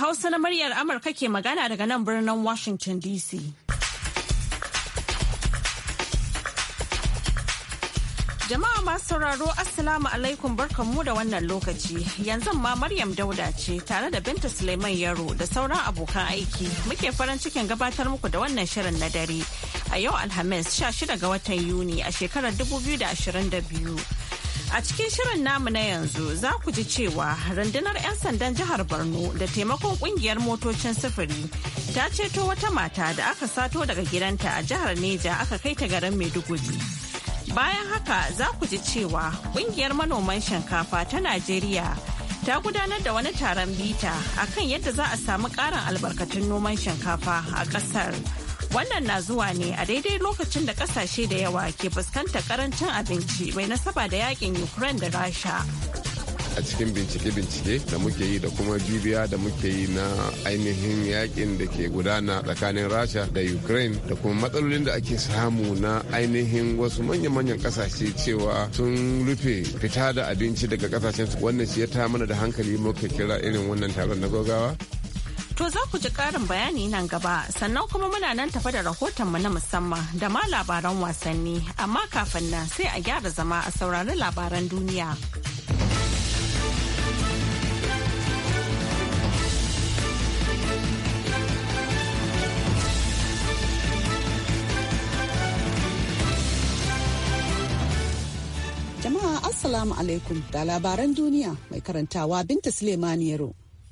Hausa na muryar Amurka ke magana daga nan birnin Washington DC. Jama'a masu sauraro Assalamu alaikum barkanmu da wannan lokaci. Yanzu ma Maryam Dauda ce tare da Binta Suleiman Yaro da sauran abokan aiki muke farin cikin gabatar muku da wannan shirin na dare. A yau Alhamis 16 ga watan Yuni a shekarar 2022. A cikin shirin namu na yanzu za ku ji cewa rundunar 'yan sandan jihar Borno da taimakon kungiyar motocin sufuri ta ceto wata mata da aka sato daga gidanta a jihar Neja aka kai ta garin Maiduguri. Bayan haka za ku ji cewa kungiyar manoman shinkafa ta Najeriya ta gudanar da wani taron bita akan yadda za a samu ƙarin albarkatun noman shinkafa a ƙasar. Wannan na zuwa ne a daidai lokacin da kasashe da yawa ke fuskantar karancin abinci mai nasaba da yakin Ukraine da Rasha. a cikin bincike-bincike da muke yi da kuma jibiya da muke yi na ainihin yakin da ke gudana tsakanin rasha da ukraine da kuma matsalolin da ake samu na ainihin wasu manya-manyan kasashe cewa sun rufe fita da abinci daga kasashen wannan shi ya ta mana da hankali muka kira irin wannan taron na gaggawa To za ku ji ƙarin bayani nan gaba sannan kuma muna nan tafa da rahotonmu na musamman da ma labaran wasanni amma kafin nan sai a gyara zama a saurari labaran duniya. Jama'a Assalamu alaikum da labaran duniya mai karantawa Binta Sulemaniyaro.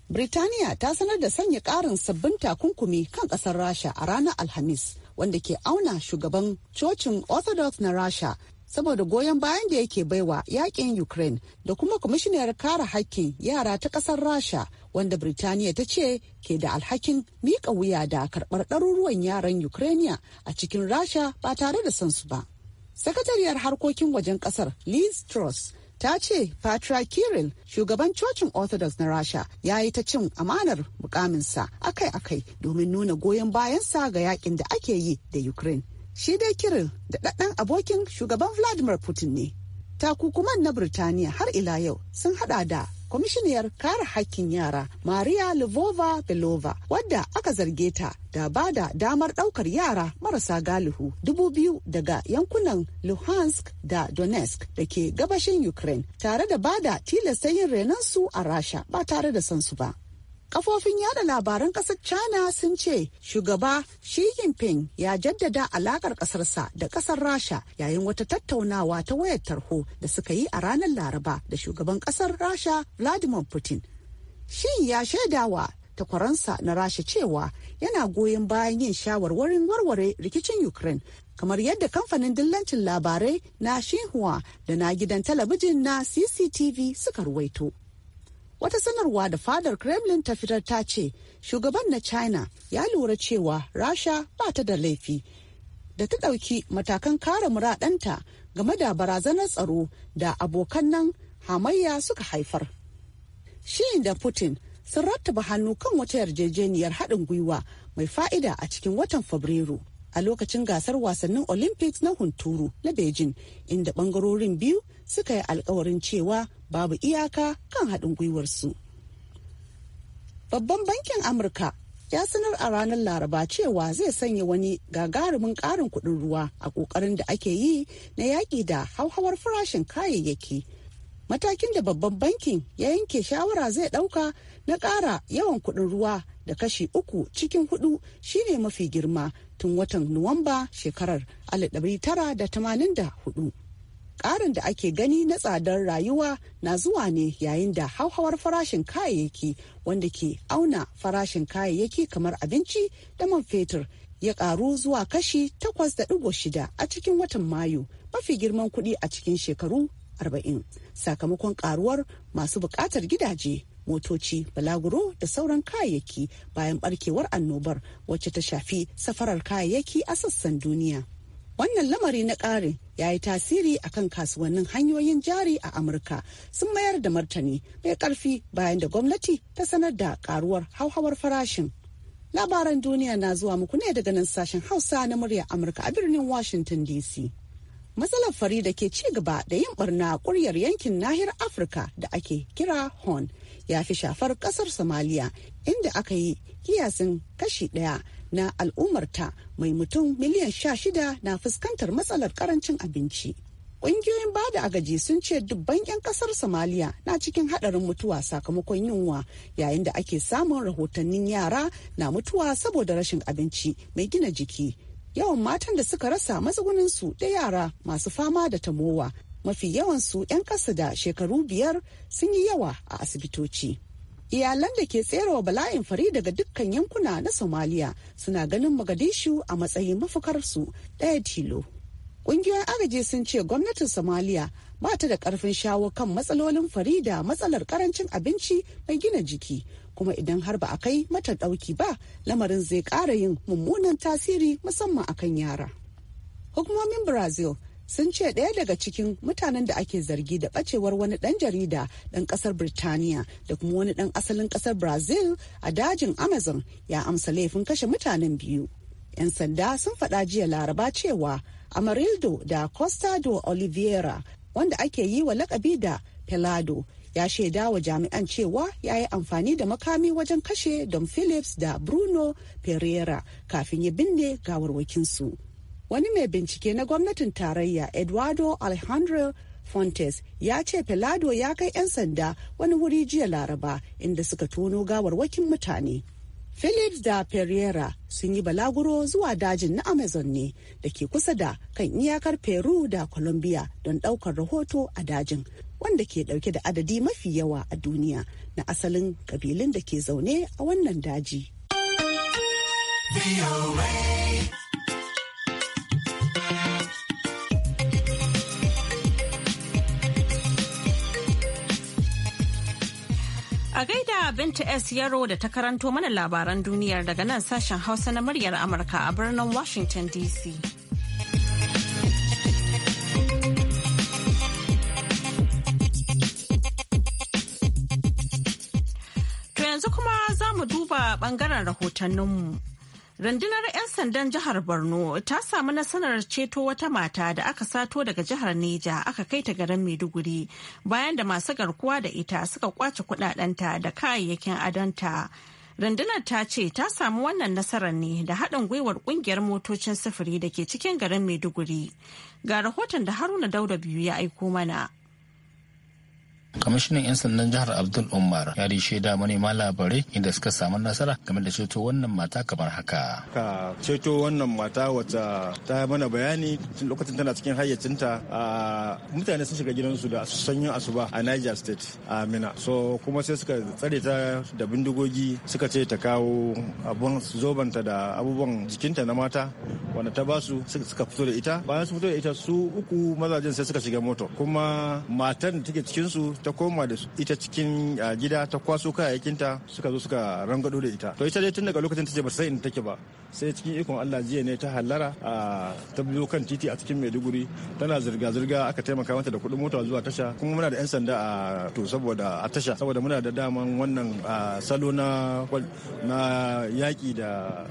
Birtaniya ta sanar da sanya ƙarin sabbin takunkumi kan ƙasar Rasha a ranar Alhamis wanda ke auna shugaban cocin Orthodox na Rasha saboda goyon bayan da yake baiwa yakin Ukraine da kuma kwamishinar kare hakkin yara ta ƙasar Rasha wanda Birtaniya ta ce ke da alhakin miƙa wuya da karɓar ɗaruruwan yaran Ukraine a cikin Rasha ba tare da sansu ba. Sakatariyar harkokin wajen kasar Liz Truss ta ce Patra Kirill shugaban cocin Orthodox na Rasha ya yi ta cin amanar mukaminsa akai-akai domin nuna goyon bayansa ga yakin da ake yi da Ukraine. Shi dai Kirill da ɗaɗɗan abokin shugaban Vladimir Putin ne. Takukuman na Birtaniya har ila yau sun haɗa da kwamishiniyar kare hakkin yara maria Lvova belova wadda aka zarge ta da ba da damar daukar yara marasa galihu dubu biyu daga yankunan luhansk da donetsk da ke gabashin ukraine tare da ba da tilasta yin renansu a rasha ba tare da sansu ba Kafofin yada labaran kasar China sun ce shugaba Xi Jinping ya jaddada alakar ƙasarsa da ƙasar Rasha yayin wata tattaunawa ta wayar tarho da suka yi a ranar Laraba da shugaban ƙasar Rasha Vladimir Putin. Shi ya shaidawa takwaransa na Rasha cewa yana goyon bayan yin shawarwarin warware rikicin Ukraine kamar yadda kamfanin dillancin labarai na Xinhua da na gidan talabijin na CCTV suka ruwaito. Wata sanarwa da fadar Kremlin ta fitar ta ce shugaban na China ya lura cewa Rasha ba ta da laifi da ta ɗauki matakan kare muradanta game da barazanar tsaro da abokan nan hamayya suka haifar. Shi da Putin sun rattaba hannu kan wata yarjejeniyar haɗin gwiwa mai fa'ida a cikin watan Fabrairu. a lokacin gasar wasannin olympics na hunturu na beijing inda bangarorin biyu suka yi alkawarin cewa babu iyaka kan haɗin gwiwarsu babban bankin amurka ya sanar a ranar laraba cewa zai sanya wani gagarumin ƙarin kuɗin ruwa a ƙoƙarin da ake yi na yaƙi da hauhawar farashin kayayyaki matakin da babban bankin ya yanke shawara zai ɗauka na ƙara yawan kuɗin ruwa da kashi uku cikin hudu shine mafi girma tun watan nuwamba shekarar 1984 ƙarin da ake gani na tsadar rayuwa na zuwa ne yayin da hauhawar farashin kayayyaki wanda ke auna farashin kayayyaki kamar abinci da man fetur ya karu zuwa kashi 8.6 a cikin watan mayu mafi girman kuɗi a cikin shekaru 40 sakamakon karuwar masu bukatar gidaje motoci balaguro da sauran kayayyaki bayan barkewar annobar wacce ta shafi safarar kayayyaki a sassan duniya wannan lamari na ƙari ya yi tasiri a kan kasuwannin hanyoyin jari a amurka sun mayar da martani mai ƙarfi bayan da gwamnati ta sanar da karuwar hauhawar farashin labaran duniya na zuwa muku ne daga nan sashen hausa na murya amurka a birnin washington dc matsalar fari da ke ci gaba da yin barna kuryar yankin nahiyar afirka da ake kira horn ya fi shafar ƙasar somalia inda aka yi kiyasin kashi ɗaya na al'ummarta mai mutum miliyan sha shida na fuskantar matsalar ƙarancin abinci Ƙungiyoyin ba da agaji sun ce dubban 'yan ƙasar Somalia na cikin haɗarin mutuwa sakamakon yunwa yayin da ake samun rahotannin yara na mutuwa saboda rashin abinci mai gina jiki yawan matan da suka rasa su da yara masu fama da tamowa mafi yawansu 'yan kasa da shekaru biyar sun yi yawa a asibitoci. Iyalan da ke tserewa bala'in fari daga dukkan yankuna na Somalia suna ganin magadishu a matsayin su ɗaya tilo. Ƙungiyoyin agaji sun ce gwamnatin somaliya ba ta da ƙarfin shawo kan matsalolin fari da matsalar ƙarancin abinci mai gina jiki kuma idan har ba a kai mata dauki ba lamarin zai kara yin mummunan tasiri musamman akan yara. Hukumomin Brazil sun ce ɗaya daga cikin mutanen da ake zargi da ɓacewar wani ɗan jarida ɗan ƙasar Birtaniya da kuma wani ɗan asalin ƙasar Brazil a dajin Amazon ya amsa laifin kashe mutanen biyu. 'Yan sanda sun faɗa jiya Laraba cewa Amarildo da Costa do Oliveira wanda ake yi wa lakabi da Pelado ya shaida wa jami'an cewa ya yi amfani da makami wajen kashe don phillips da bruno pereira kafin ya binne gawarwakinsu wani mai bincike na gwamnatin tarayya eduardo alejandro fontes ya ce pelado ya kai 'yan sanda wani wuri jiya laraba inda suka tono gawarwakin mutane phillips da pereira sun yi balaguro zuwa dajin na amazon ne da ke kusa da kan iyakar peru da colombia don daukar rahoto a dajin wanda ke dauke da adadi mafi yawa a duniya na asalin kabilun da ke zaune a wannan daji. A gaida Binta S. Yaro da ta karanto mana labaran duniyar daga nan sashen Hausa na muryar Amurka a birnin Washington DC. yanzu kuma za mu duba bangaren rahotanninmu. Rundunar 'yan sandan jihar Borno ta samu nasarar ceto wata mata da aka sato daga jihar Neja aka kai ta garin Maiduguri bayan da masu garkuwa da ita suka kwace kudadenta da kayayyakin adonta. Rundunar ta ce ta samu wannan nasarar ne da haɗin gwiwar ƙungiyar motocin sufuri da ke cikin garin Maiduguri. Ga rahoton da Haruna Dauda biyu ya aiko mana. Kamishinan 'yan sandan jihar Abdul Umar ya yi shaida manema labarai inda suka samu nasara game da ceto wannan mata kamar haka. Ka ceto wannan mata wata ta mana bayani lokacin tana cikin hayyacinta a mutane sun shiga gidansu da sanyin asuba a Niger State a Mina. So kuma sai suka tsare ta da bindigogi suka ce ta kawo abun zobanta da abubuwan jikinta na mata wanda ta basu suka fito da ita bayan su fito da ita su uku mazajen sai suka shiga mota. kuma matan da take cikinsu ta koma da ita cikin ah, gida ta kwaso kayayyakinta suka zo suka rangado da ita to ita dai tun daga lokacin ta ce ba sai in take ba sai cikin ikon Allah jiya ne ta hallara a ah, ta biyo kan titi a cikin Maiduguri tana zirga zirga aka taimaka mata da kuɗin mota zuwa tasha kuma muna da yan sanda a to saboda a tasha saboda muna da daman wannan ah, salo na na yaki da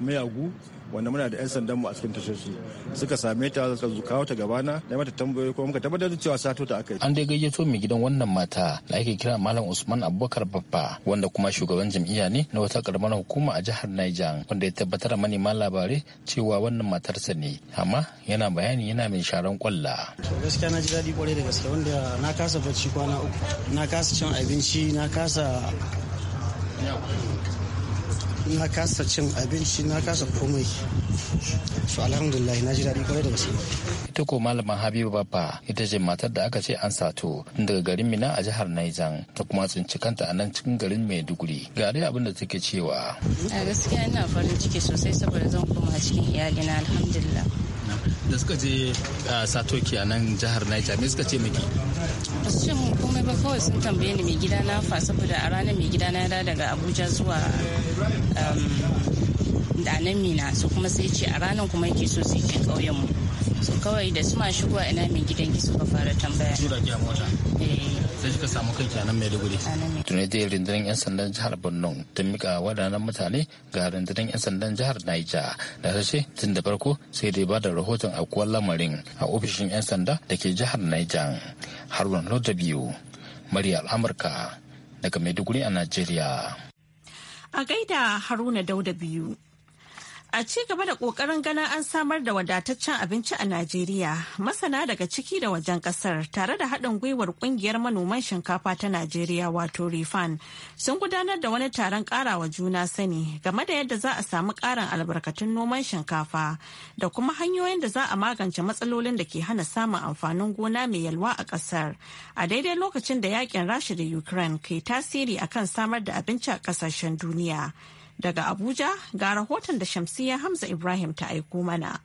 mayagu wanda muna da 'yan sandanmu a cikin tashoshi suka same ta suka kawo ta gabana da mata tambayoyi kuma muka tabbatar da cewa sato ta aka yi. An dai gayyato mai gidan wannan mata da ake kira Malam Usman Abubakar babba wanda kuma shugaban jam'iyya ne na wata karamar hukuma a jihar Niger wanda ya tabbatar manema labarai cewa wannan matarsa ne amma yana bayani yana mai sharan kwalla. Gaskiya na ji daɗi kwarai da gaske wanda na kasa bacci kwana uku na kasa cin abinci na kasa na kasa cin abinci na kasa komai su alhamdulillah na ji daɗi kwarai da gaske ita ko malama habibu babba ita ce matar da aka ce an sato daga garin mina a jihar niger ta kuma tsinci kanta a nan cikin garin maiduguri ga dai abin da take cewa a gaskiya ina farin ciki sosai saboda zan koma cikin iyalina alhamdulillah da suka je ah, sato a nan jihar niger me suka ce miki ba komai ba kawai sun tambaye ni mai gida na fa saboda a ranar mai gida na da daga abuja zuwa um, da nan mina su kuma sai ce a ranar kuma yake so su ke ƙauyen mu su kawai da su ma shigowa ina mai gidan ki suka fara tambaya. Tura mota. Eh. sai suka samu kai kenan maiduguri tunai dai rundunar yan sandan jihar borno ta mika waɗannan mutane ga rundunar yan sandan jihar niger da ta ce tun da farko sai dai ba da rahoton aukuwar lamarin a ofishin yan sanda da ke jihar niger haruna Lodda biyu muryar amurka daga maiduguri a najeriya a gaida haruna dauda biyu A ci gaba da ƙoƙarin ganin an samar da wadataccen abinci a Najeriya, masana daga ciki da wajen ƙasar tare da haɗin gwiwar ƙungiyar manoman shinkafa ta Najeriya wato Rifan sun gudanar da wani taron ƙarawa juna sani game da yadda za a samu ƙarin albarkatun noman shinkafa da kuma hanyoyin da za a magance matsalolin da ke hana samun amfanin gona mai yalwa a ƙasar a daidai lokacin da yakin Rasha da Ukraine ke tasiri akan samar da abinci a ƙasashen duniya. Daga Abuja ga rahoton da Shamsiyya Hamza Ibrahim ta aiko mana.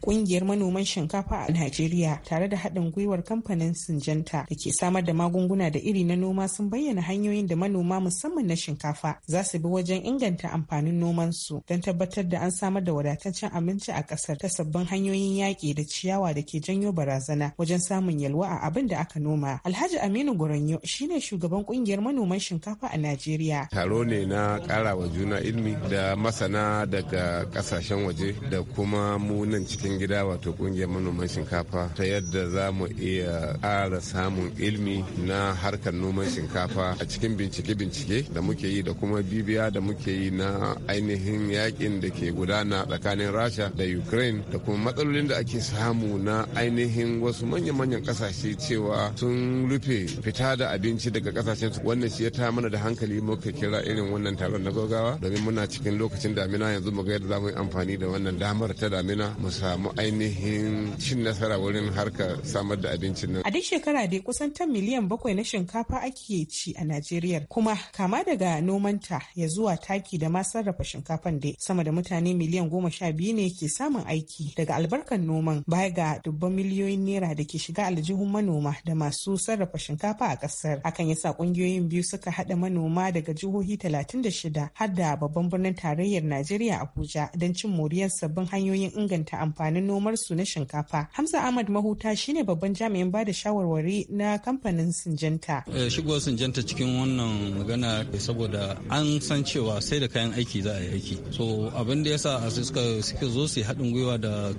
Kungiyar manoman shinkafa a Najeriya tare da haɗin gwiwar kamfanin Sinjanta da ke samar da magunguna da iri na noma sun bayyana hanyoyin da manoma musamman na shinkafa za su bi wajen inganta amfanin nomansu don tabbatar da an samar da wadataccen abinci a ƙasar ta sabbin hanyoyin yaƙi da ciyawa da ke janyo barazana wajen samun yalwa a abin da aka noma. Alhaji Aminu Goranyo shine shugaban kungiyar manoman shinkafa a Najeriya. Taro ne na ƙara wa juna ilimi da masana daga ƙasashen waje da kuma mu nan cikin cikin gida wato kungiyar manoman shinkafa ta yadda za mu iya ƙara samun ilmi na harkar noman shinkafa a cikin bincike-bincike da muke yi da kuma bibiya da muke yi na ainihin yakin da ke gudana tsakanin rasha da ukraine da kuma matsalolin da ake samu na ainihin wasu manya-manyan kasashe cewa sun rufe fita da abinci daga kasashen su wannan shi ya ta mana da hankali muka kira irin wannan taron na gaggawa domin muna cikin lokacin damina yanzu mu ga yadda za mu yi amfani da wannan damar ta damina mu samu samu ainihin cin nasara wurin harka samar da abincin nan. A duk shekara dai kusan tan miliyan bakwai na shinkafa ake ci a Najeriya kuma kama daga nomanta ya zuwa taki da ma sarrafa shinkafan dai sama da mutane miliyan goma sha biyu ne ke samun aiki daga albarkar noman baya ga dubban miliyoyin naira da ke shiga aljihun manoma da masu sarrafa shinkafa a kasar hakan sa ƙungiyoyin biyu suka haɗa manoma daga jihohi talatin da shida. har da babban birnin tarayyar Najeriya Abuja don cin moriyar sabbin hanyoyin inganta amfani amfanin su na shinkafa. Hamza Ahmad Mahuta shine babban jami'in bada shawarwari na kamfanin Sinjanta. Eh, shigo Sinjanta cikin wannan magana saboda an san cewa sai da kayan aiki za a yi aiki. So abin da yasa a suka suke zo su haɗin gwiwa da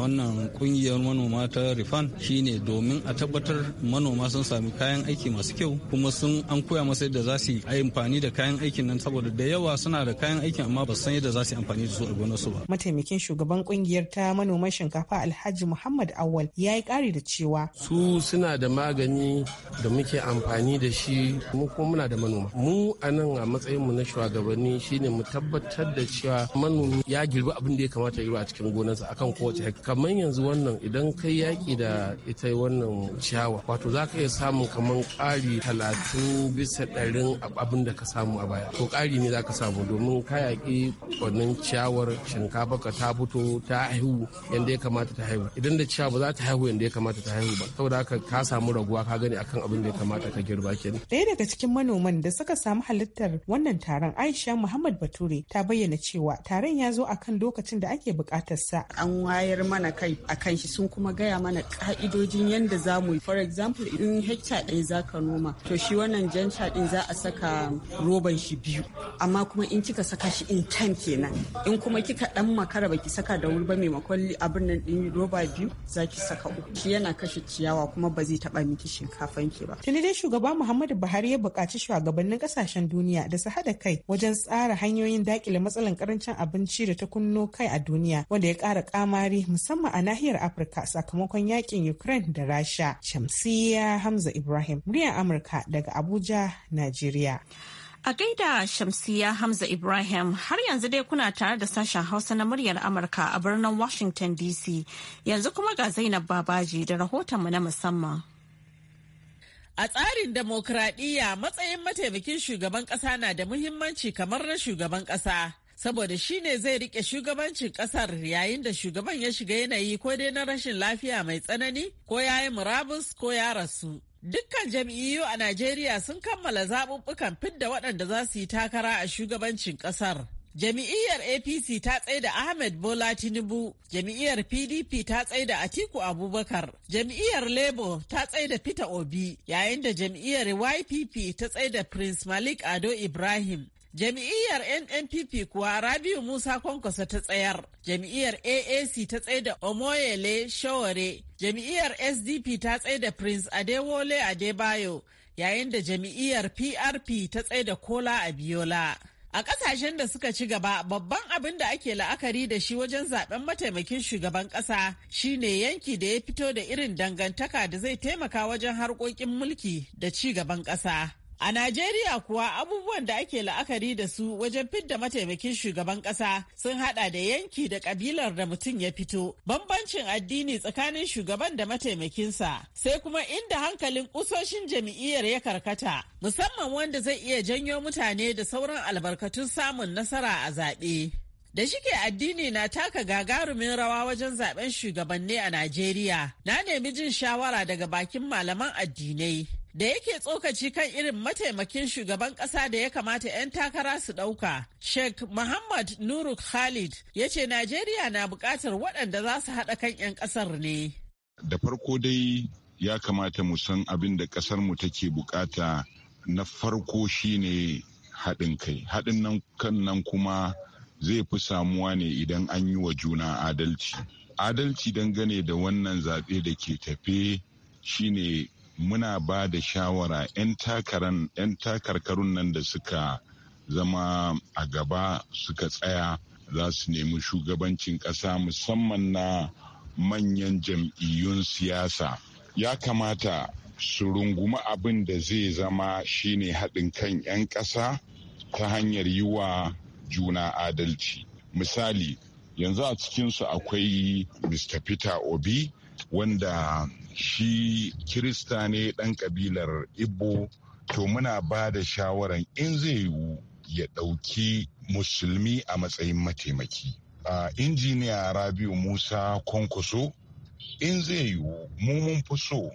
wannan kungiyar manoma ta Rifan shine domin a tabbatar manoma sun sami kayan aiki masu kyau kuma sun an koya masa yadda za su yi amfani da kayan aikin nan saboda da yawa suna da kayan aikin amma ba san yadda za su yi amfani da su a su ba. Mataimakin shugaban kungiyar ta manoma manoman shinkafa alhaji muhammad awal ya yi kari da cewa su suna da magani da muke amfani da shi mu kuma muna da manoma mu a nan a matsayinmu na shugabanni shine mu tabbatar da cewa manomi ya girbi abin da ya kamata ya yi a cikin gonarsa akan kowace hekta kamar yanzu wannan idan kai yaki da ita wannan ciyawa wato za ka iya samun kamar kari talatin bisa ɗarin abin da ka samu a baya to kari ne za ka samu domin ka yaki wannan ciyawar shinkafa ka ta fito ta haihu yadda ya kamata ta haihu idan da cewa ba za ta haihu yadda ya kamata ta haihu ba saboda haka ka samu raguwa ka gani akan abin da ya kamata ka girba kenan ɗaya daga cikin manoman da suka samu halittar wannan taron Aisha Muhammad Bature ta bayyana cewa taron ya zo akan lokacin da ake buƙatar sa an wayar mana kai akan shi sun kuma gaya mana ka'idojin yadda za mu for example in hekta ɗaya za ka noma to shi wannan jan ɗin za a saka roban shi biyu amma kuma in kika saka shi in tan kenan in kuma kika ɗan makara ba ki saka da wuri ba maimakon abin nan din roba biyu zaki saka uku shi yana kashe ciyawa kuma ba zai taba miki shinkafan ki ba tuni dai shugaba Muhammadu Buhari ya buƙaci shugabannin kasashen duniya da su haɗa kai wajen tsara hanyoyin dakile matsalan karancin abinci da ta kunno kai a duniya wanda ya ƙara ƙamari musamman a nahiyar Afirka sakamakon yakin Ukraine da Rasha Shamsiya Hamza Ibrahim muryar Amurka daga Abuja Najeriya A gaida shamsiyya Hamza Ibrahim har yanzu dai kuna tare da sashen Hausa na muryar Amurka a birnin Washington DC yanzu kuma ga Zainab Babaji da rahotonmu na musamman. A tsarin demokradiyya matsayin mataimakin shugaban ƙasa na da muhimmanci kamar na shugaban ƙasa. Saboda shi ne zai rike shugabancin ƙasar yayin da shugaban ya shiga yanayi ko dai na rashin lafiya mai tsanani ko ya yi murabus ko ya rasu. Dukkan jam'iyyu a Najeriya sun kammala zaɓuɓɓukan fidda waɗanda za su yi takara a shugabancin ƙasar. Jami'iyyar APC ta tsaye da Ahmed Bola Tinubu, jami'iyyar PDP ta tsaye da Atiku Abubakar, jami'iyyar Labour ta tsaye da Peter Obi, yayin da jami'iyyar YPP ta tsaye da Prince Malik Ado Ibrahim. Jami'iyyar NNPP kuwa Rabiu Musa kwankwaso ta tsayar, jami'iyyar AAC ta da Omoyele Shaware, jami'iyyar SDP ta da Prince Adewole Adebayo, yayin da jami'iyyar PRP ta da Kola Abiola. A ƙasashen da suka ci gaba, babban abin da ake la'akari da shi wajen zaben mataimakin shugaban ƙasa shine yanki da ya fito da irin dangantaka da zai taimaka wajen harkokin mulki da ci gaban ƙasa. A Najeriya kuwa abubuwan da ake la'akari da su wajen fidda mataimakin shugaban kasa sun hada da yanki da ƙabilar da mutum ya fito, bambancin addini tsakanin shugaban da mataimakinsa, sai kuma inda hankalin kusoshin jam'iyyar ya karkata, musamman wanda zai iya janyo mutane da sauran albarkatun samun nasara a zaɓe. Da shike addini na taka gagarumin rawa wajen zaben shugabanni a Najeriya, na nemi jin shawara daga bakin malaman addinai. da yake tsokaci kan irin mataimakin shugaban kasa da ya kamata 'yan takara su ɗauka. Sheikh Muhammad Nuru Khalid ya ce Najeriya na bukatar waɗanda za su haɗa kan 'yan ƙasar ne. Da farko dai ya kamata mu san abin da ƙasar mu take bukata na farko shine haɗin kai. Haɗin nan kan nan kuma zai fi samuwa ne idan an yi wa juna adalci. Adalci dangane da wannan zaɓe da ke tafe shine muna ba da shawara 'yan takarkarun nan da suka zama a gaba suka tsaya za su nemi shugabancin ƙasa musamman na manyan jam'iyyun siyasa ya kamata su rungumi abin da zai zama shine haɗin kan 'yan ƙasa ta hanyar yi wa juna adalci misali yanzu a cikinsu akwai mr peter obi wanda shi kirista ne ɗan ƙabilar Igbo to muna ba da shawaran in zai yiwu ya ɗauki musulmi a matsayin mataimaki. A injiniya Rabiu Musa Kwankwaso in zai yiwu mu mun fi so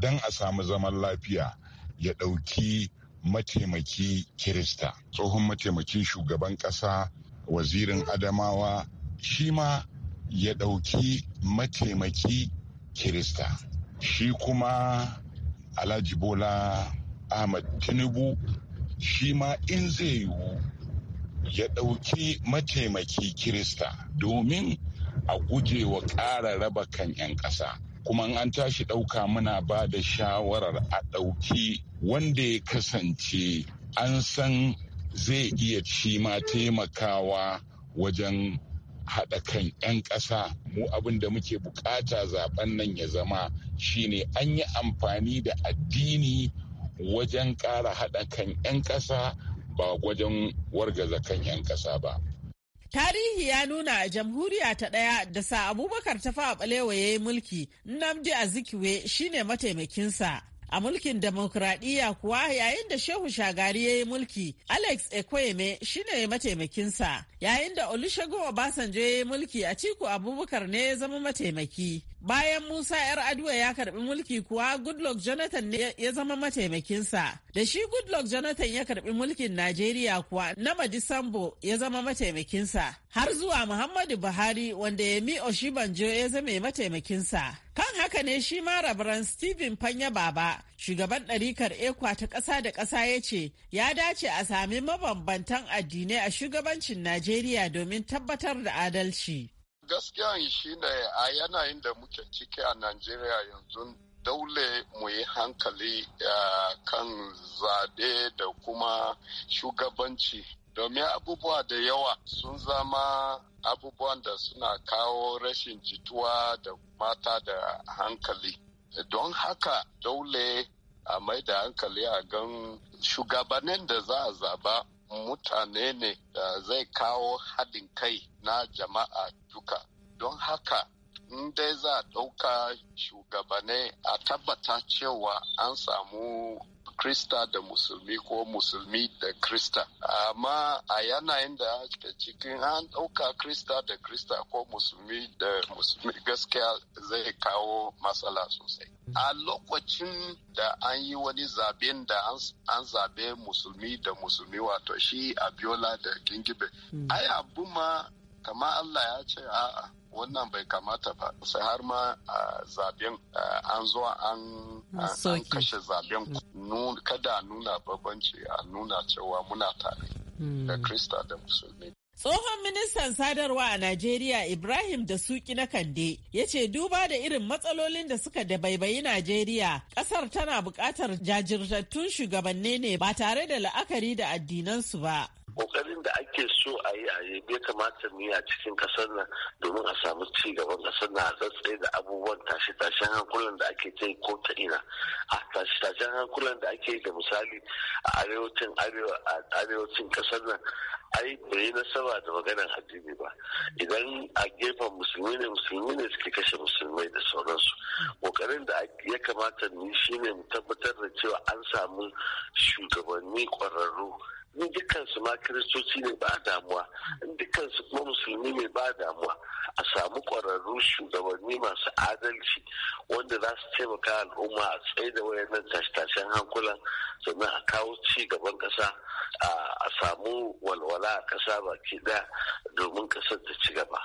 don a samu zaman lafiya ya ɗauki mataimaki kirista tsohon mataimakin shugaban ƙasa wazirin adamawa shi ma ya ɗauki mataimaki kirista shi kuma alhaji bola ahmad tinubu shi ma in zai yiwu ya ɗauki mataimaki kirista domin a guje wa ƙara raba kan 'yan ƙasa kuma an tashi ɗauka muna ba da shawarar a ɗauki wanda ya kasance an san zai iya ci ma taimakawa wajen haɗa kan 'yan ƙasa mu abin da muke bukata zaben nan ya zama shine an yi amfani da addini wajen ƙara haɗa kan 'yan ƙasa ba wajen wargaza kan 'yan ƙasa ba. Tarihi ya nuna a jamhuriya ta ɗaya da sa abubakar ta fa balewa ya yi mulki Nnamdi Azikiwe shine mataimakinsa. A mulkin demokradiyya kuwa yayin da Shehu Shagari ya yi mulki, Alex Ekweme shine mataimakinsa. Yayin da Olusegun Obasanjo ya yi mulki a ciku Abubakar ne ya zama mataimaki. Bayan Musa ‘yar Adwa ya karbi mulki kuwa Goodluck Jonathan ne ya zama mataimakinsa. Da shi Goodluck Jonathan ya karbi mulkin Najeriya kuwa Nama Disambo ya zama mataimakinsa. Har zuwa Muhammadu Buhari wanda ya Yemi Oshibanjo ya zama mataimakinsa. Kan haka ne shi ma rabaran Stephen Fanya Baba, shugaban ɗarikar Ekwa ta ƙasa da ƙasa ya ce, ya dace a sami mabambantan addinai a shugabancin Najeriya. Najeriya domin tabbatar da adalci. Gaskiya shi ne a yanayin da muke ciki a Najeriya yanzu daule mu yi hankali kan zaɓe da kuma shugabanci domin abubuwa da yawa sun zama abubuwan da suna kawo rashin jituwa da mata da hankali don haka dole a mai da hankali a gan shugabannin da za a zaba mutane ne da zai kawo haɗin kai na jama'a duka don haka in dai za a ɗauka shugabanai a tabbata cewa an samu krista da musulmi ko musulmi da krista amma a yanayin da ake cikin an ɗauka krista da krista ko musulmi da musulmi gaskiya zai kawo matsala sosai a lokacin da an yi wani zaben da an zabe musulmi da musulmi wato shi abiola da gingibe hmm. ai abu ma kama allah ya ce a'a wannan bai kamata ba sai har ma zaben an zo an kashe zaben mm. kada nuna babanci a nuna cewa muna tare mm. da krista da musulmi Tsohon ministan sadarwa a Najeriya Ibrahim da Suki na Kande ya ce duba da irin matsalolin da suka dabaibayi Najeriya, ƙasar tana buƙatar jajirtattun shugabanni ne ba tare da la'akari da addinansu ba. kokarin da ake so a yi a yi bai kamata mu a cikin kasar nan domin a samu ci gaban kasar nan a tsatsaye da abubuwan tashi tashen hankulan da ake ta ko ta ina a tashi tashen hankulan da ake da misali a arewacin arewacin kasar nan ai bai nasaba da maganar addini ba idan a gefen musulmi ne musulmi ne suke kashe musulmai da sauransu kokarin da ya kamata mu shine mu tabbatar da cewa an samu shugabanni kwararru in dukansu ma kiristoci ne ba damuwa dukansu kuma musulmi ne ba damuwa a samu ƙwararru shugabanni masu adalci wanda za su taimaka al'umma a tsaye da wayannan tashe-tashen hankulan sannan a kawo ci gaban ƙasa a samu walwala a ƙasa baki ɗaya domin ƙasar ta ci gaba.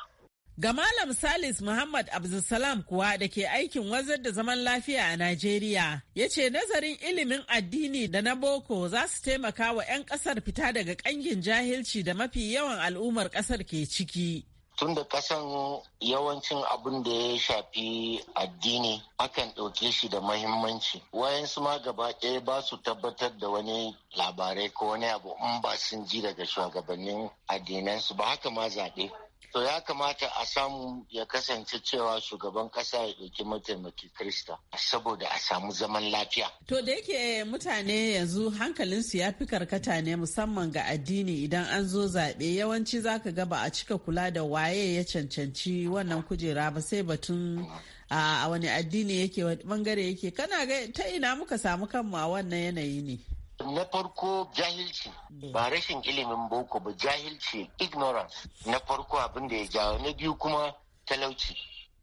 Ga Malam Salis Muhammad Abdulsalam kuwa da ke aikin wazar da zaman lafiya a Najeriya, ya ce nazarin ilimin addini da na boko za su taimaka wa 'yan ƙasar fita daga ƙangin jahilci da mafi yawan al'ummar ƙasar ke ciki. tun da kasan yawancin abin da ya shafi addini akan ɗauke shi da mahimmanci wayansu ma gaba ɗaya ba su tabbatar da wani labarai ko wani abu in ba sun ji daga shugabannin addinansu ba haka ma zaɓe to ya kamata a samu ya kasance cewa shugaban kasa ya ɗauki mataimaki krista saboda a samu zaman lafiya to da yake mutane yanzu hankalinsu ya fi karkata ne musamman ga addini idan an zo zaɓe yawanci za ka gaba a cika kula da waye ya cancanci wannan kujera ba sai batun a wani addini yake bangare yake kana ga ta ina muka samu kanmu a wannan yanayi ne na farko jahilci ba rashin ilimin boko ba jahilci ignorance na farko abin da ya jawo na biyu kuma talauci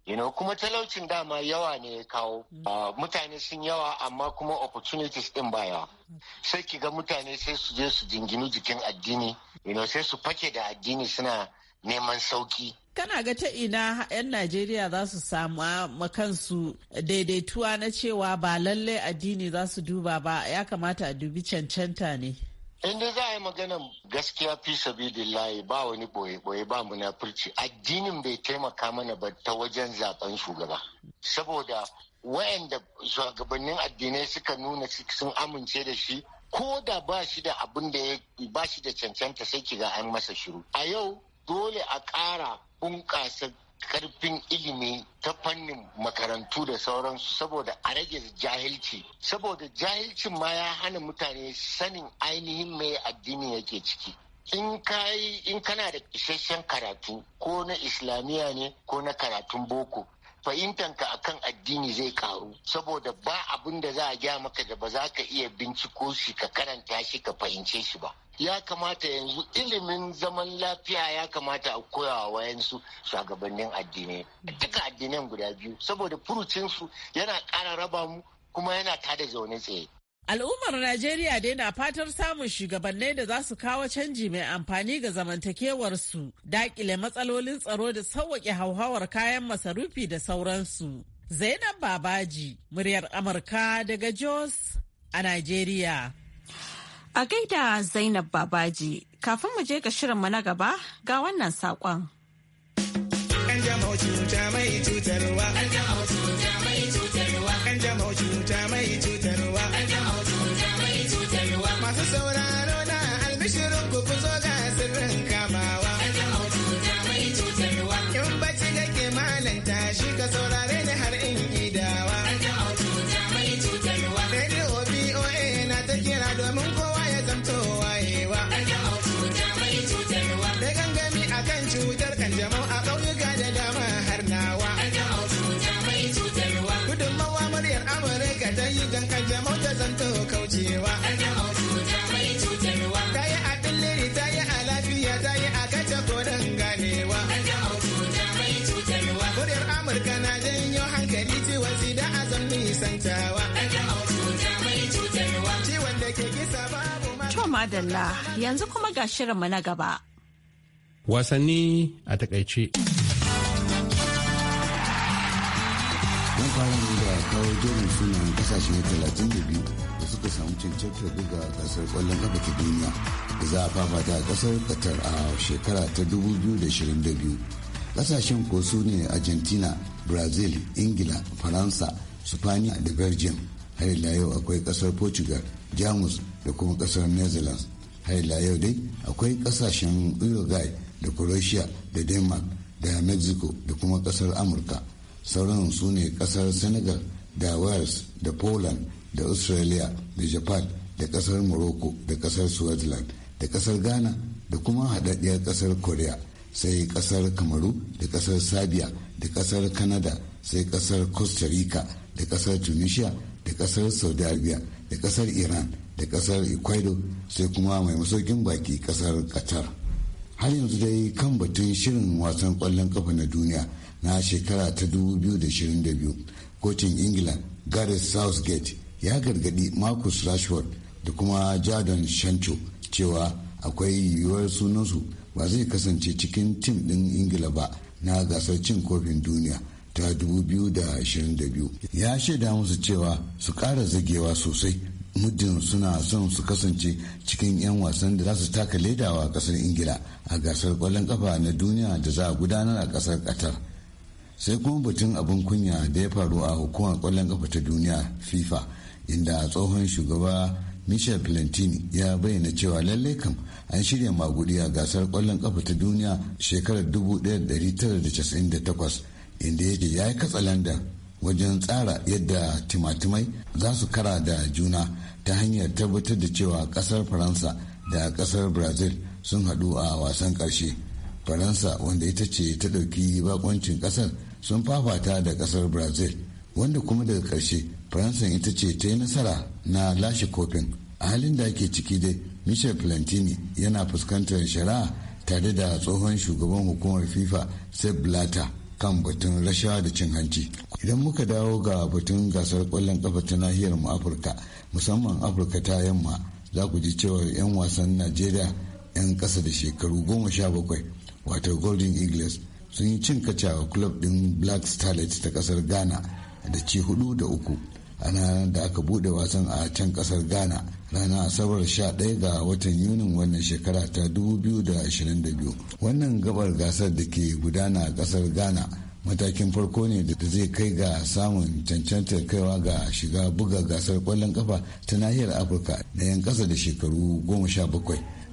you know, kuma talaucin dama yawa ne ya kawo uh, mutane sun yawa amma kuma opportunities din ba yawa mm. sai ki ga mutane sai su je su jinginu jikin addini you know, sai su fake da addini suna neman sauki kana ga ta ina 'yan najeriya za su samu ah, makansu daidaituwa na cewa ba lallai addini za su duba ba ya kamata a dubi cancanta ne inda za a yi maganan gaskiya fi sabidillahi ba wani boye-boye ba munafurci addinin bai taimaka mana ba ta wajen zaben shugaba saboda wayanda shugabannin addinai suka nuna sun amince da shi ko da ba shi da abin da ya ba shi da cancanta sai ki ga an masa shiru a yau dole a ƙara bunƙasa karfin ilimi ta fannin makarantu da sauransu saboda a rage jahilci saboda jahilcin ma ya hana mutane sanin ainihin mai addini yake ciki in kayi in kana da isasshen karatu ko na islamiyya ne ko na karatun boko fahimtanka akan addini zai karu saboda ba abin da za a gya maka da ba za ka iya binciko shi ka karanta shi ka fahimce shi ba ya kamata yanzu ilimin zaman lafiya ya kamata a koya wa wayansu shugabannin addinai duka addinan guda biyu saboda furucinsu yana kara raba mu kuma yana tada zaune tsaye Al'ummar Najeriya dai na fatar samun shugabannai da za su kawo canji mai amfani ga zamantakewarsu, dakile matsalolin tsaro da sauwaƙe hauhawar kayan masarufi da sauransu. Zainab Babaji, muryar Amurka daga Jos a Najeriya. A gaida Zainab Babaji, kafin mu je ga shirinmu na gaba ga wannan saƙon. madalla yanzu kuma ga shirinmu na gaba. Wasanni a takaice. Mun fara ne da kawo jerin sunan kasashe talatin da suka samu cancantar buga gasar kwallon kafa ta duniya da za a fafata a kasar Qatar a shekara ta 2022. Kasashen ko su ne Argentina, Brazil, Ingila, Faransa, Spaniya da Belgium. Har ila yau akwai kasar Portugal, Jamus, da kuma kasar netherlands haila yau dai akwai kasashen uruguay da croatia da denmark da mexico da kuma kasar amurka sauran su ne kasar senegal da wales da poland da australia da japan da kasar morocco da kasar switzerland da kasar ghana da kuma hadaddiyar kasar korea sai kasar kamaru da kasar sabia da kasar canada sai kasar costa rica da kasar tunisia da kasar saudi arabia da kasar iran da kasar ecuador sai kuma mai masaukin baki kasar qatar har yanzu dai kan batun shirin wasan kwallon kafa na duniya na shekara ta 2022 kocin ingila gareth southgate ya gargadi marcus rashford da kuma jadon shancho cewa akwai yiwuwar sunansu ba zai kasance cikin tim ɗin ingila ba na gasar cin kofin duniya ta 2022 ya shaida musu cewa su ƙara zagewa sosai muddin suna son su kasance cikin 'yan wasan da za su taka ledawa a kasar ingila a gasar kwallon kafa na duniya da za a gudanar a kasar qatar sai kuma batun abin kunya da ya faru a hukumar kwallon kafa ta duniya fifa inda tsohon shugaba michel plantini ya bayyana cewa lallai kam an shirya maguɗi a gasar kwallon kafa ta duniya shekarar 1998 inda ya ya yi katsa landan wajen tsara yadda timatimai za su kara da juna ta hanyar tabbatar da cewa kasar faransa da kasar brazil sun hadu a wasan karshe faransa wanda ita ce ta ɗauki bakoncin kasar sun fafata da kasar brazil wanda kuma daga karshe faransa ita ce ta yi nasara na lashe kofin a halin da ake ciki dai michel plantini yana fuskantar shari'a tare da tsohon shugaban hukumar fifa sepp blatter kan batun rasha da cin hanci idan muka dawo ga batun gasar kwallon kafa ta nahiyar mu afirka musamman afirka ta yamma za ku ji cewa 'yan wasan najeriya 'yan kasa da shekaru goma sha bakwai wato golden eagles sun yi cin kaca club din black starlet ta kasar ghana da ci hudu da uku a ranar da aka bude wasan a can kasar ghana ranar asabar 11 ga watan yunin wannan shekara ta 2022 wannan gabar gasar da ke gudana a kasar ghana matakin farko ne da zai kai ga samun cancantar kaiwa ga shiga buga gasar kwallon kafa ta nahiyar afirka na 'yan kasa da shekaru 17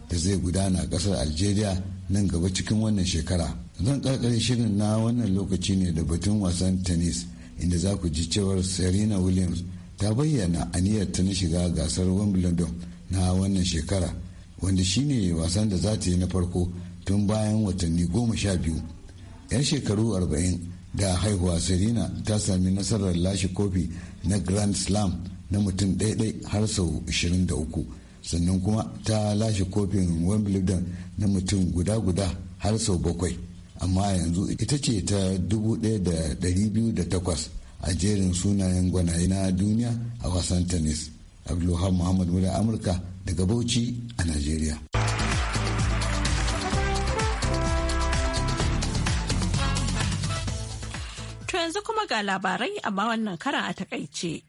da zai gudana a kasar algeria nan gaba cikin wannan shekara zan karkar shirin na wannan lokaci ne da batun wasan tennis inda za ku ji cewar serena williams ta bayyana aniyarta na shiga gasar wimbledon na wannan shekara wanda shine wasan da za ta yi na farko tun bayan watanni goma sha biyu 'yan shekaru arba'in da haihuwa serena ta sami nasarar lashe kofi na grand slam na mutum ɗaiɗai har sau uku sannan kuma ta lashe kofin wimbledon na mutum guda-guda har sau bakwai amma yanzu ita ce ta 1,208 a jerin sunayen gwanaye na duniya a wasan tennis abdulhamid muhammad muda amurka daga bauchi a nigeria to yanzu kuma ga labarai amma wannan karan a takaice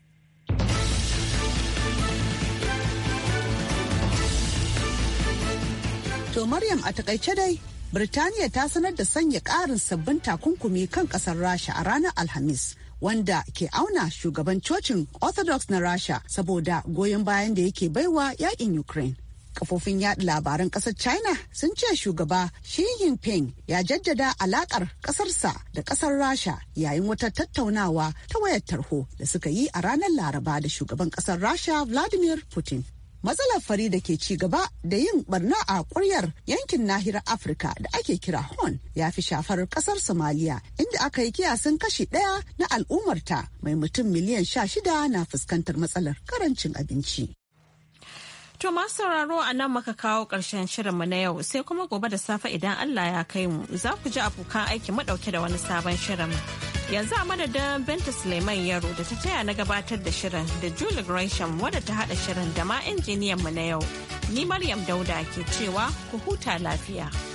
To Maryam a takaice dai Birtaniya ta sanar da sanya ƙarin sabbin takunkumi kan ƙasar Rasha a ranar Alhamis. Wanda ke auna shugaban cocin Orthodox na Rasha saboda goyon bayan da yake baiwa yakin Ukraine. Kafofin yaɗa labaran ƙasar China sun ce shugaba Xi Jinping ya jaddada alaƙar ƙasarsa da ƙasar Rasha yayin wata tattaunawa ta wayar tarho da suka yi a ranar Laraba da shugaban ƙasar Rasha Vladimir Putin. matsalar fari da ke ci gaba da yin barna a kuryar yankin nahiyar afirka da ake kira horn ya fi shafar ƙasar somaliya inda aka yi kiyasin kashi ɗaya na al'ummarta mai mutum miliyan sha shida na fuskantar matsalar karancin abinci To masu sauraro a nan muka kawo ƙarshen shirinmu na yau sai kuma gobe da safe idan Allah ya kai mu za ku ji abokan aiki madauke da wani sabon shirin. Yanzu a madadin Binta Suleiman Yaro da ta taya na gabatar da shirin da Julie Gresham wadda ta haɗa shirin da ma injiniyan mu na yau. Ni Maryam Dauda ke cewa ku huta lafiya.